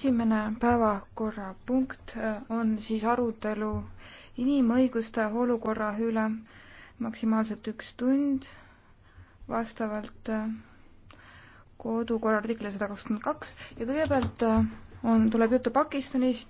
esimene päevakorrapunkt äh, on siis arutelu inimõiguste olukorra üle maksimaalselt üks tund vastavalt äh, kodukorra artiklile sada kakskümmend kaks ja kõigepealt äh, on, tuleb juttu Pakistanist.